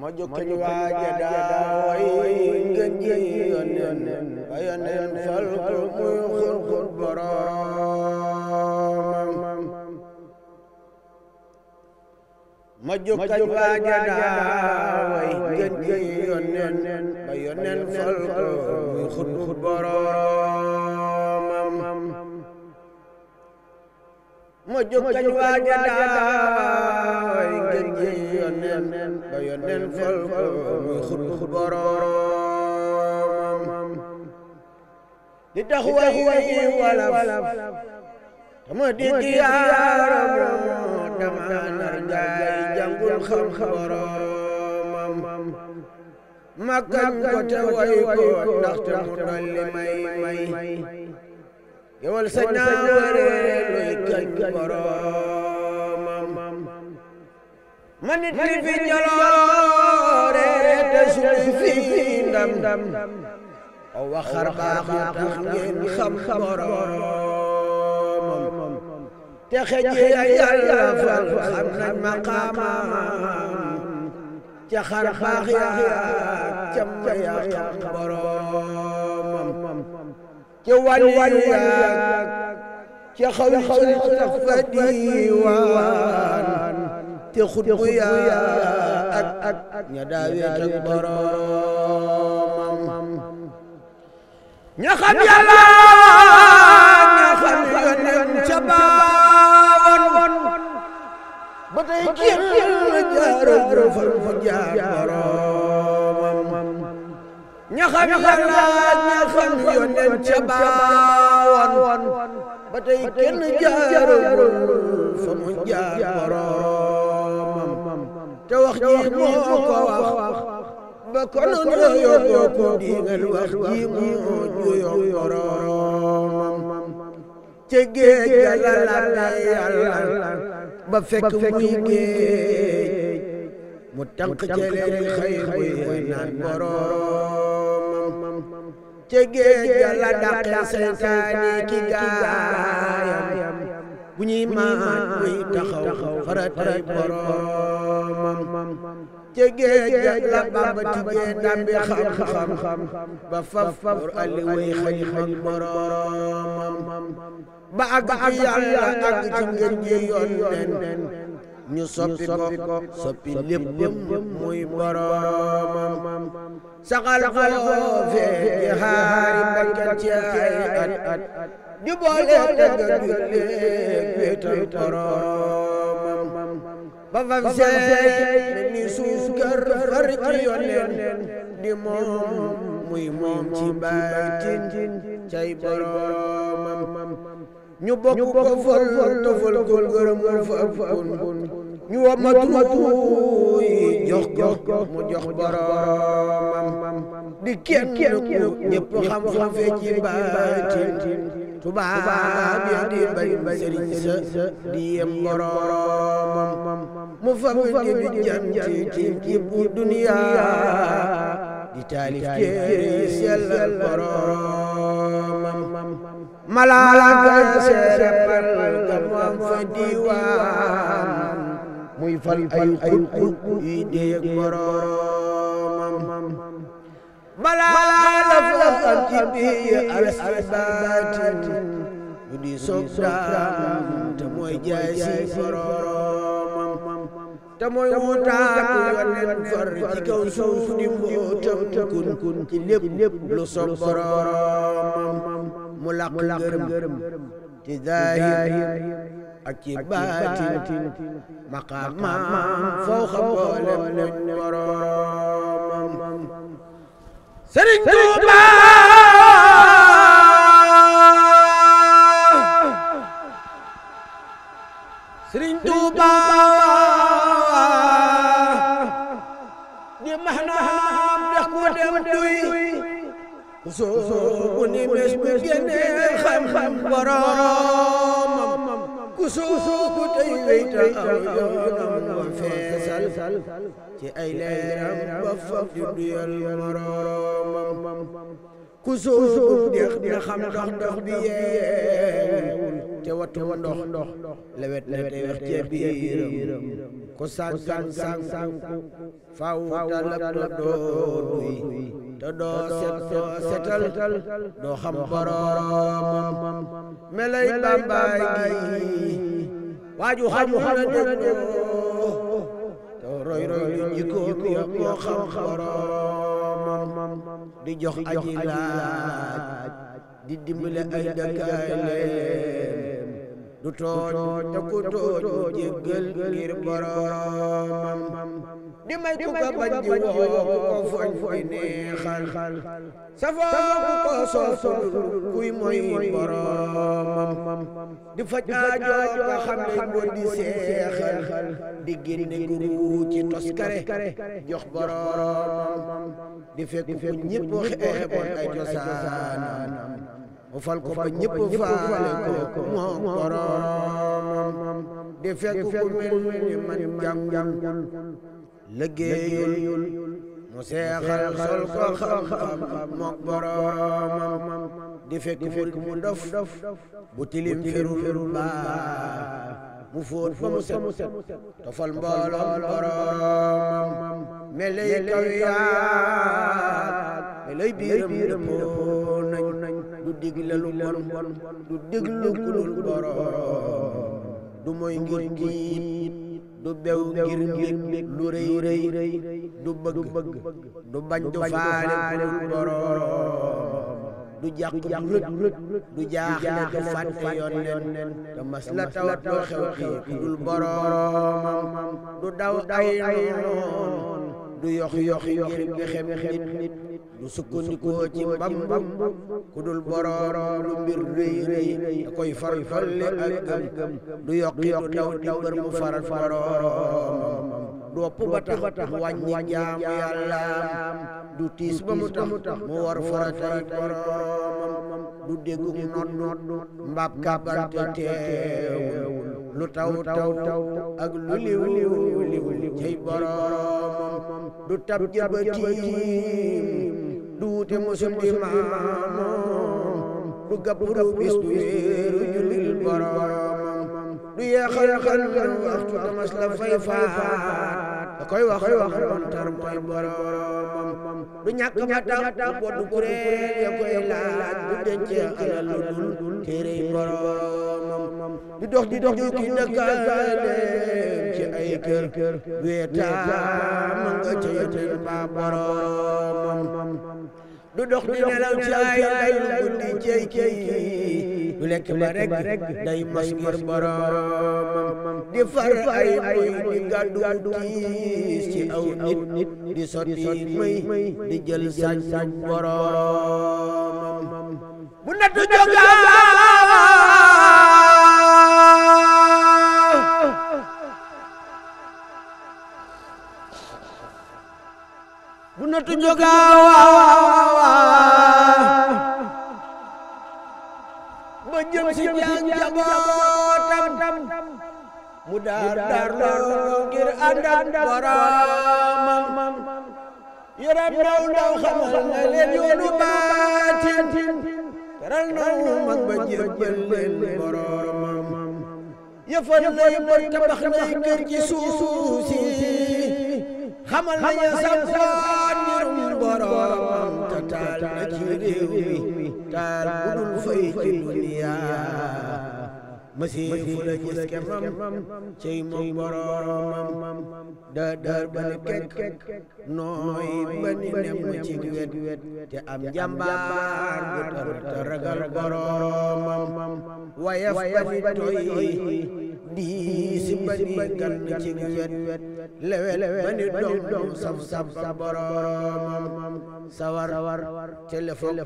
ma jokkuñu waaja daa way ngeen ji yónneen ba fal ko muy xurxur boroomam ma yónneen ba yónneen fal ko muy xut boroomam di tax way way walaf tama di diyaaram dama nar jaay jàngul xam boroomam makkan ko te way ko ndaxte mu dolli may may gewal sa ñaare luy kañ boroom man it li fi jaloore te suñu fi ndam ndam wa xar baax ya tax ngeen xam boromam te xëj ya yàlla fal xam nañ maqaamam ca xar baax ya ca ma ya xam boromam ca wàllu ya ca xaw xaw ca fa diwaan te xutbu yaa ak ak ña daawee ak boromam ña xam yàlla ña xam yonen ca baawoon ba tey kenn jaaroo fa fa jaar boromam ña xam yàlla ña xam yonen ca baawoon ba tey kenn jaaroo fa mu jaar boromam te wax ji moo ko wax ba konoon nga yóbboo ko digal wax ji moo juyoo boroomam ci géej ga la labe yàlla ba fekk muy géej mu tànk celeen xëy muy naan boroomam ci géej ga la dàqe seytaani ki gaayam bu ñuy maaj buy taxaw faratay boromam ci géej ga la Bamba tijjee ndàmbi xam-xam ba faf faf ali way xalimam boromam ba ak ci yàlla ak ci ngeen ji yoon nen ñu soppi ko soppi lépp lépp muy boromam saxal ko fee ci ay at at di boole dëgg julleeg wéetal boromam ba fam seey ni suuf kër far ci yoneen di moom muy moom ci baatin cay boromam ñu bokk ko fol tofol ko gërëmul fa ëppun ñu wamatu yi jox ko mu jox boromam di kenn ñëpp xam xam fee ci baatin tubaab ya di bañ sëriñ sa di yem boroomam mu fab di bi janti ci jibbu duniya di taalif téere sellal boroomam malaaka seere pal ga moom fa diwaan muy fal ay xut yi dee boroom bi kun ci lépp lu sopp boromam mu làq ngërëm ci zaahir ak baatin maqaamaam faw xam boolem luñ sóobu ni mes bu génnee xam-xam boromam ku sóobu tey weyta aw yoonam wa feesal ci ay leeram ba faf di duyal moromam ku sóobu dex xam ndox ndox bi yeewul te wattu ndox ndox lewet na te wex ca biiram ku sàggan sànku faaw talab na doo duy te doo set setal doo xam boroomam melay bàmbaay gi waaju xam na dëggoo roy roy lu jikkoom ya moo xam boromam di jox aji laaj di dimbale ay dëkkaaleem du tooñ te ku tooñ jéggal ngir boromam di may ku ko bañ di woo ku ko foñ di neexal safoo ku ko soosul kuy mooy boromam di faj aajoo ko xam ko di seexal di génne guru ci toskare jox boromam di fekk ku ñëpp ay cosaanam mu fal ko ba ñëpp faale ko moo boromam di fekk ku mel ni man jàngan liggéeyul mu seexal sol ko xam-xam mook boroomam di mu dof bu tilim firul baa mu fóot ba mu set tofal mbooloom boroom melay kaw yaat melay biiram du digle lu bon du diglu kulul du mooy ngir kii du bew ngir mbég lu rëy rëy du bëgg du bañ du faale ku boroom du jàq rët du jaaxle du fàtte yoon nen te mas la tawat loo xew xew dul boroomam du daw ay noon du yox yox ngir bi xem nit nu sukkandikoo ci mbambam ku dul boroom lu mbir rëy rëy da koy faral falle ak gëm du yokki du taw di mu faral boroom du ëpp ba tax wàññi jaamu yàllaam du tiis ba mu tax mu war faratay boroomam du déggu noot mbaab kàbbante teewul lu taw taw taw ak lu liw liw liw liw cay boroomam du tab jabatiim duute musul di maamam du gàppuru bis du wéeru jullil boromam du yeexal xel man waxtu tamas la fay da koy wax wax man tar koy boromam du ñàkk ma tax bu bodd kuréel ya koy laaj du dencee alal lu dul téerey boromam du dox di dox ju ki dëkkaaleem ci ay kër weetaa ma nga ca yotel ba boromam du dox di nelaw ci ay ay lu guddi cey cey du lekk ba rek day mas ngir di far ay di gàddu tiis ci aw nit di sotti may di jël sañ-sañ boroomam bu nattu jogaa bu ci jàng njabootam mu daar daar loo ngir ànd ak boroomam yaram ndaw ndaw xamal na leen yoonu baatin teral na mu mag ba jébbal leen boroomam yëfal nay bor tabax nay kër ci xamal na ya sampaan ngir boroomam te taal na taal bu dul fay duniya masiifu la gis kemam cey moom boromam dëdër ba ne kekk nooy ba ni nem ci wet te am jàmbaar bu tar ragal boromam wayaf ba ni toy bii si sa boroomam sawar telefog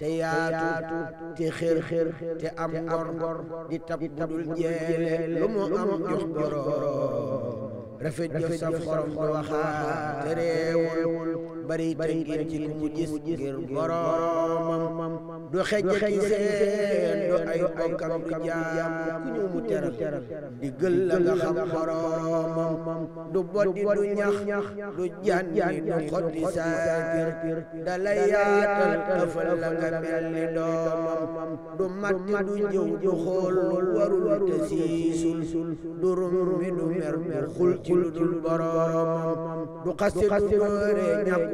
te yaatu te xër xër te am lu mu am jox boroom rafet jëf saf xorom te reewul bari teggin ci ku mu gis ngir boroomam du xejj ci seen du ay bokkam du jaam ku ñu mu teral diggal la nga xam boroomam du boddi du ñax du jànni du xotti saakir dalay yaatal ëfal la nga mel ni doomam du matti du njëw du xool warul te siisul du rum mi du mer du xul ci lu dul boroomam du xas du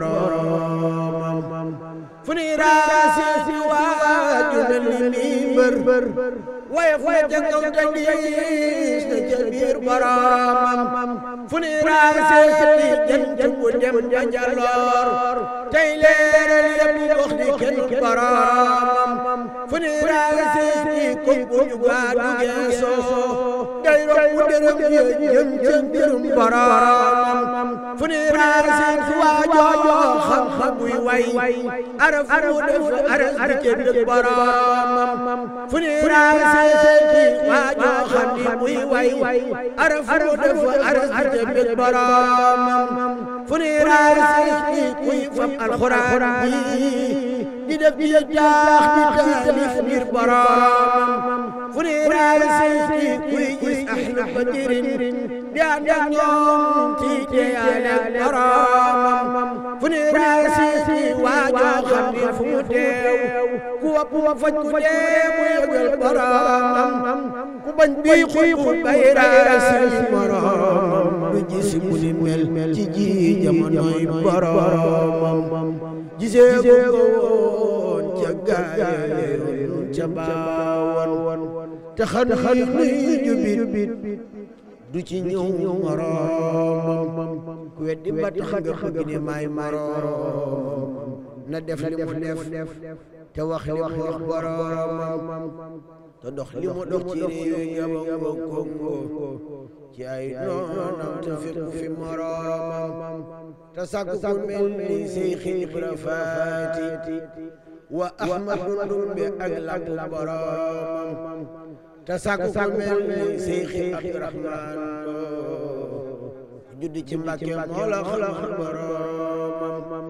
boromam fu ni raasi si waaju mel ni mbër woyof na ca kaw te diis na ca biir boromam fu ni raaseeti jant bu dem ba njaloor tey leeral yëpp gox di kenn boromam fu ni raaseeti kom bu ñu gaa du geesoo day romb dërëm ya jëm ca mbirum boromam fu ni raaseeti waa joojoo xam-xam buy way araf mu def aras di kenn boromam fu ni raaseeti muy way arafu dafa arasite mbir boroomam fu ne raasi kuy fam alxuraan bi di def di taax di taalif ngir boroomam fu ne raay seeti kuy gis ahlu badirin di ànd ak ñoom ci teyaale boroomam fu ne raay seeti waajoo xam ni fu mu teew ku wopp wa faj ku dee mu yëgal boroomam ku bañ bii xuy xul bay raay seeti boroomam du gis mu ni mel ji jamonoy boroomam gaaye nun ca baawan te xan xan nuy jubit du ci ñëw moroomam ku weddi ba tax nga bëgg ne maay moroom na def li mu def te wax li mu wax te dox li mu dox ci réew Gabon Congo ci ay noonam te mel ni say xiib wa ahmadu ndumbe ak làmp boroomam te sàkku ko mel ni seyxi abdurahmaan judd ci mbàkke moo la xalaxal boroomam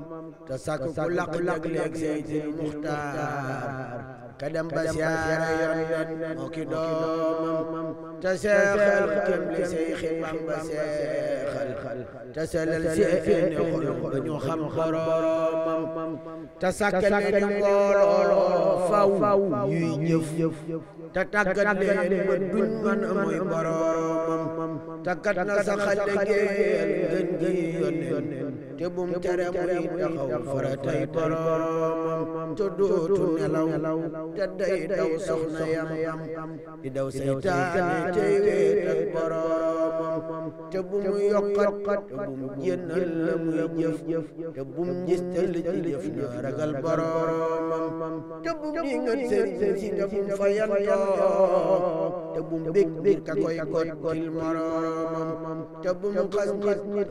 te sàkku ko làq làq leeg seyxi muxtaar ka dem ba siyaara yonent moo ki doomam te seexal kem li Seyxi Bamba seexal te selal seeni xol ba ñu xam boroomam te sàkkal leen mbooloo faw ñuy jëf te tàggat leen ba duñ mën a mooy boroomam te kat na saxal liggéeyal gën gën te bum tere muy taxaw faratay boroomam te dootu nelaw te day daw soxna yam di daw seytaane tey weet ak boroomam te bum yokkat te bum jëf te bum njistal ci na ragal boroomam te bum di ngat sëriñ si te bum ka koy gottil moroomam te bum xas nit te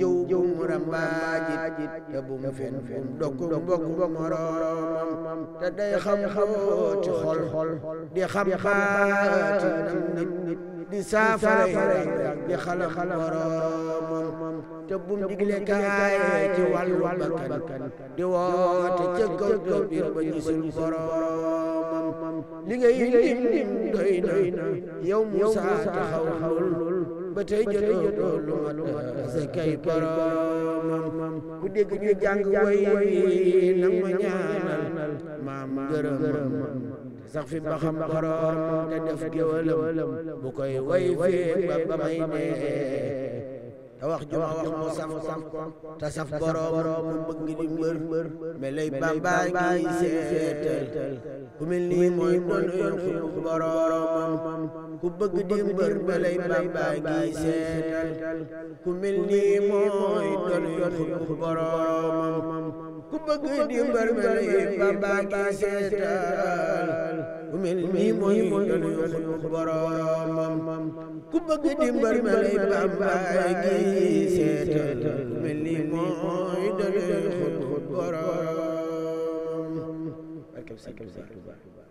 jëw muram baajit te bum fen bum dokku mbokk moroomam te day xam xóoti xol di xam baati nit nit di saafara rek di xala boroomam te bum digle kaay ci wàllu bakkan di woote ca kaw kaw biir ba gisul boroomam li ngay lim lim doy na yow Musaa taxawul ba tey jotoo doo lu mat sa kay boromam ku dégg ñu jàng way wi nang ma ñaanal sax fi baxam xarom te def géwalam bu koy way fee ba ba may nee te wax ju ma wax mu saf ko te saf boroom mu bëgg di mbër mais lay bamba ngi seetal ku mel nii bëgg di mbër mais lay bamba ngi seetal ku mel nii bëgg di mbër mais lay bamba ngi seetal ku mel ni mooy yoonu yoonu boromam ku bëgg dimbal ma lay bàmbaay gi seetal ku mel ni mooy yoonu yoonu